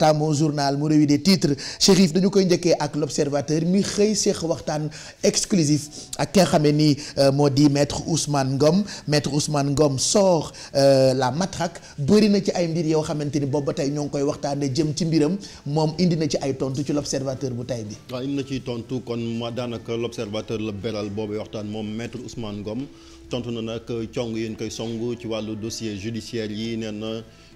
taamu journal mu revue des titres Chérif dañu koy njëkkee ak l'observateur mi xëy seex waxtaan exclusif ak ki nga xamee ni euh, moo di maître Ousmane Ngom maître Ousmane Ngom sort euh, la matraque bëri na ci ay mbir yow xamante ni boobu ba tey ñoo ngi koy waxtaanee jëm ci mbiram moom indi na ci ay tontu ci l'observateur bu tey bi. waaw indi na ciy tontu kon ma daanaka l'observateur la beral boobu waxtaan moom maître Ousmane Ngom tontu na nag cong yi ñu koy song ci wàllu dossier judiciaire yi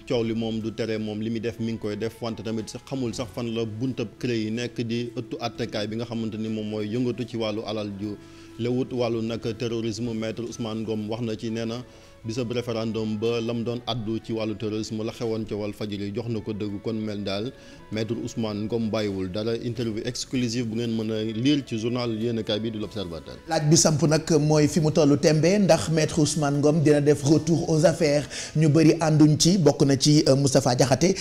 coow li moom du tere moom li muy def mi ngi koy def wante tamit sax xamul sax fan la buntab CREI yi nekk di ëttu attekaay bi nga xamante ni moom mooy yëngatu ci wàllu alal ju lewut wàllu nag terrorisme maître Ousmane Ngom wax na ci nee na bisab référendum ba lam doon addu ci wàllu terrorisme la xewoon ca Walfadjri jox na ko dëgg kon mel daal maître usman Ngom bàyyiwul dara interview exclusive bu ngeen mën a lire ci journal kaay bi du l'Observateur. laaj bi samp nag mooy fi mu tollu tembe ndax maître Ousmane Ngom dina def retour aux affaires ñu bëri ànduñ ci bokk na ci Moustapha Diakhaté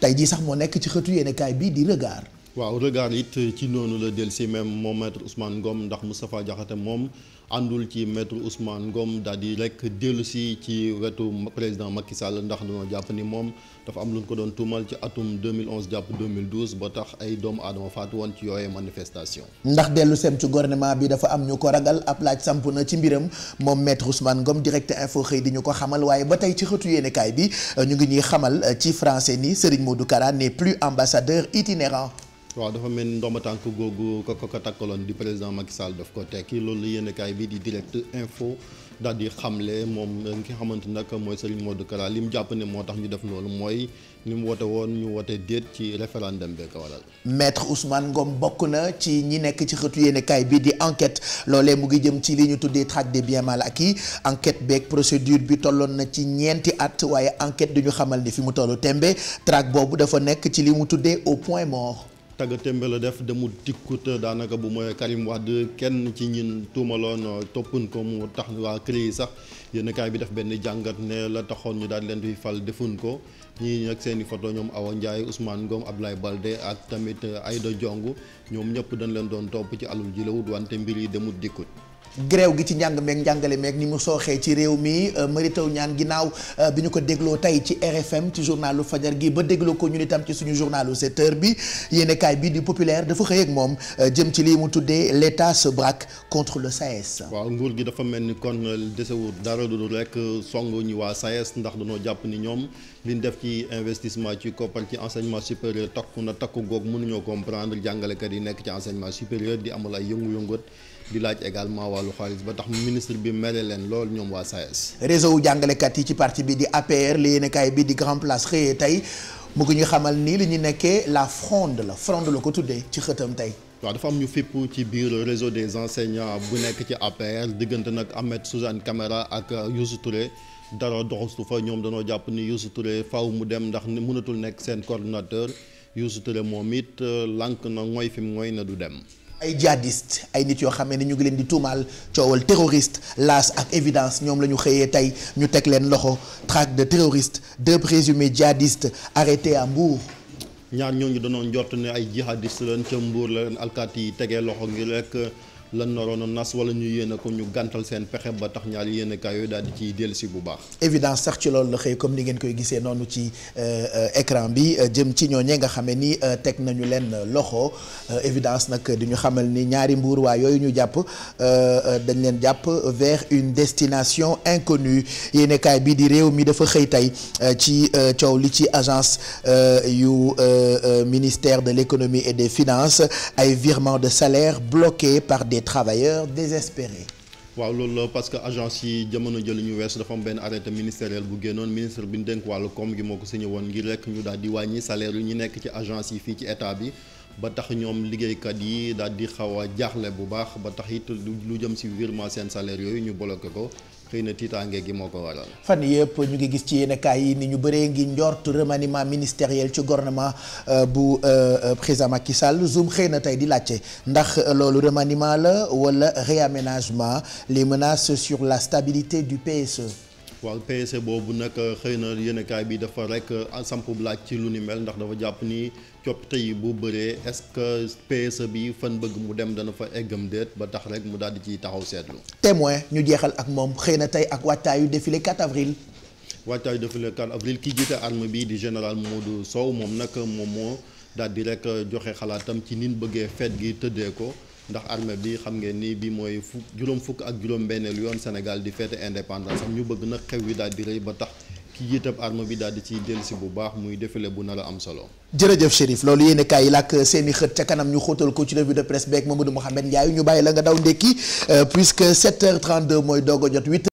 tey jii sax moo nekk ci xëtu yéenekaay bi di regard waaw regard it euh, ci noonu la del si même moom maître Ousmane Ngom ndax Moustapha Diakhaté moom àndul ci maître Ousmane Ngom daal di rek dellu si ci wetu président Macky Sall ndax dañoo jàpp ni moom dafa am lu ñu ko doon tuumal ci atum 2011 jàpp 2012 ba tax ay doomu aadama faatu woon ci yooyee manifestation ndax dellu seem ci gouvernement bi dafa am ñu ko ragal ab laaj samp na ci mbiram moom maître Ousmane Ngom direct info xëy di ñu ko xamal waaye ba tey ci xëtu yéenekaay bi euh, ñu ngi ñuy xamal euh, ci français ni Serigne Modou Kara n'est plus ambassadeur itinérant waaw dafa mel ni ndomba tànk googu ko ko takkaloon di président Macky Sall daf ko tekki loolu yéenekaay bi di direct info daal di xamle moom nga xamante nag mooy Serigne Modou Kara li mu jàpp ne moo tax ñu def loolu mooy ni mu woote woon ñu woote déet ci référendum bi ko waral. maître Ousmane Ngom bokk na ci ñi nekk ci xëtu yéenekaay bi di enquête loolee mu ngi jëm ci li ñu tuddee traque des biens mal acquis enquête beeg procédure bi tolloon na ci ñeenti at waaye enquête du ñu xamal fi mu tollu tembe traque boobu dafa nekk ci li mu tuddee au point mort. tagga témbe la def demul dikkut daanaka bu mooy Karim Wade kenn ci ñin tuumaloon toppun ko mu tax waa CREI sax yéen kaay bi def benn jàngat ne la taxoon ñu daal leen di fal defun ko ñii nag seen i photo ñoom Awa Ndiaye Ousmane ab Abdoulaye Baldé ak tamit Aïda jong ñoom ñëpp dañ leen doon topp ci alul ji la wut wante mbir yi demul dikkut gréew gi ci njàng meeg njàngale meek ni mu sooxee ci réew mi euh, Mary Teuw Niane ginnaaw euh, bi ñu ko dégloo tey ci RFM ci lu fajar gi ba dégloo ko ñun itam ci suñu journalu 7 heures bi yéenekaay bi di populaire dafa xëy moom euh, jëm ci lii mu tuddee l'État se braque contre le SAES. waa nguur gi dafa mel ni kon desewut dara du rek songu ñu waa SAES e ndax dañoo jàpp ni ñoom li ñu def ci investissement ci koppar ci enseignement supérieur takku na takku goog mënuñoo comprendre jàngalekat yi nekk ci enseignement supérieur di amal ay yëngu-yëngat di laaj également wàllu xaalis ba tax ministre bi mele leen lool ñoom waa SAES. E réseau jàngalekat yi ci parti bi di APR li yéenekaay bi di Grand Place xëyee tey mu ngi ñu xamal nii li ñu nekkee la fronde la fronde la ko tuddee ci xëtam tey. waaw dafa am ñu fépp ci biir réseau des enseignants bu nekk ci APR diggante nag Ahmed Suzanne Camara ak Youssou Touré dara doxastu fa ñoom danoo jàpp ni Youssou Touré faaw mu dem ndax mënatul nekk seen coordinateur Youssou Touré moom it lànk na fi mu mooy na du dem. ay djihadiste ay nit yoo xam ne ñu ngi leen di tuumaal coowal terroriste laas ak évidence ñoom la ñu xëyee tey ñu teg leen loxo traque de terroriste deux présumés djihadistes arrêtés à Mbour. ñaar ñooñu danoo njort ne ay djihadiste leen ca Mbour la leen alkaati yi tegee loxo ngir rek. lan naroon a nas wala ñu yéen a ko ñu gàntal seen pexe ba tax ñaari yéen a kaay yooyu daal di ciy dellusi bu baax. évidence sax ci loolu la xëy comme ni ngeen koy gisee noonu ci euh, écran bi euh, jëm ci ñooñee nga xamee ni euh, teg nañu leen loxo évidence nag di ñu xamal ni ñaari mbuur waa yooyu ñu jàpp dañ leen jàpp vers une destination inconnue yéen kaay bii di réew mi dafa xëy tey ci coow li ci agence yu ministère de l'économie et des finances ay virements de salaire bloqués par des les travailleurs désespérés. waaw loolu la parce que agence yi jamono jëli ñu wees dafa am benn arrêté ministériel bu génnoon ministre bi ñu dénk wàllu koom gi moo ko signé woon ngir rek ñu daal di wàññi salaire yu ñu nekk ci agence yi fii ci état bi. ba tax ñoom liggéeykat yi daal di xaw a jaaxle bu baax ba tax it lu jëm si virement seen salaire yooyu ñu bloqué ko xëy na tiitaange gi moo ko waral. fan yëpp ñu ngi gis ci yenn kaay yi ni ñu bëree ngi njort remaniement ministériel ci gouvernement euh, bu euh, euh, président Macky Sall Zoom xëy na tey di laajte ndax loolu remaniement la wala réaménagement les menaces sur la stabilité du PSE. waaw PSC boobu nag euh, xëy na yéenekaay bi dafa rek euh, sampu laaj ci lu ni mel ndax dafa jàpp ni coppite tey bu bëree est-ce que PSC bi fan bëgg mu dem dana fa eggam déet ba tax rek mu daal di ciy taxaw seetlu. témoin ñu jeexal ak moom xëy na tey ak waajtaayu défilé 4 avril. waajtaayu défilé 4 avril ki jiite arme bi di général Modou soow moom nag moom moo daal di rek euh, joxe xalaatam ci nin bëggee fête gi tëddee ko. ndax armée bi xam ngeen ni bi mooy fukk juróom fukk ak juróom benneelu yoon Sénégal di fête indépendance am ñu bëgg nag xew wi daal rëy ba tax ki jiitab armée bi daal di ciy dellusi bu baax muy défilé bu nar a am solo. jërëjëf Chérif loolu yéen kaay yi làkk seen xët ca kanam ñu xóotal ko ci revue de presse beeg Mamadou Mouhamed Ndiaye ñu bàyyi la nga daw ndekki euh, puisque 7h32 mooy doog jot 8.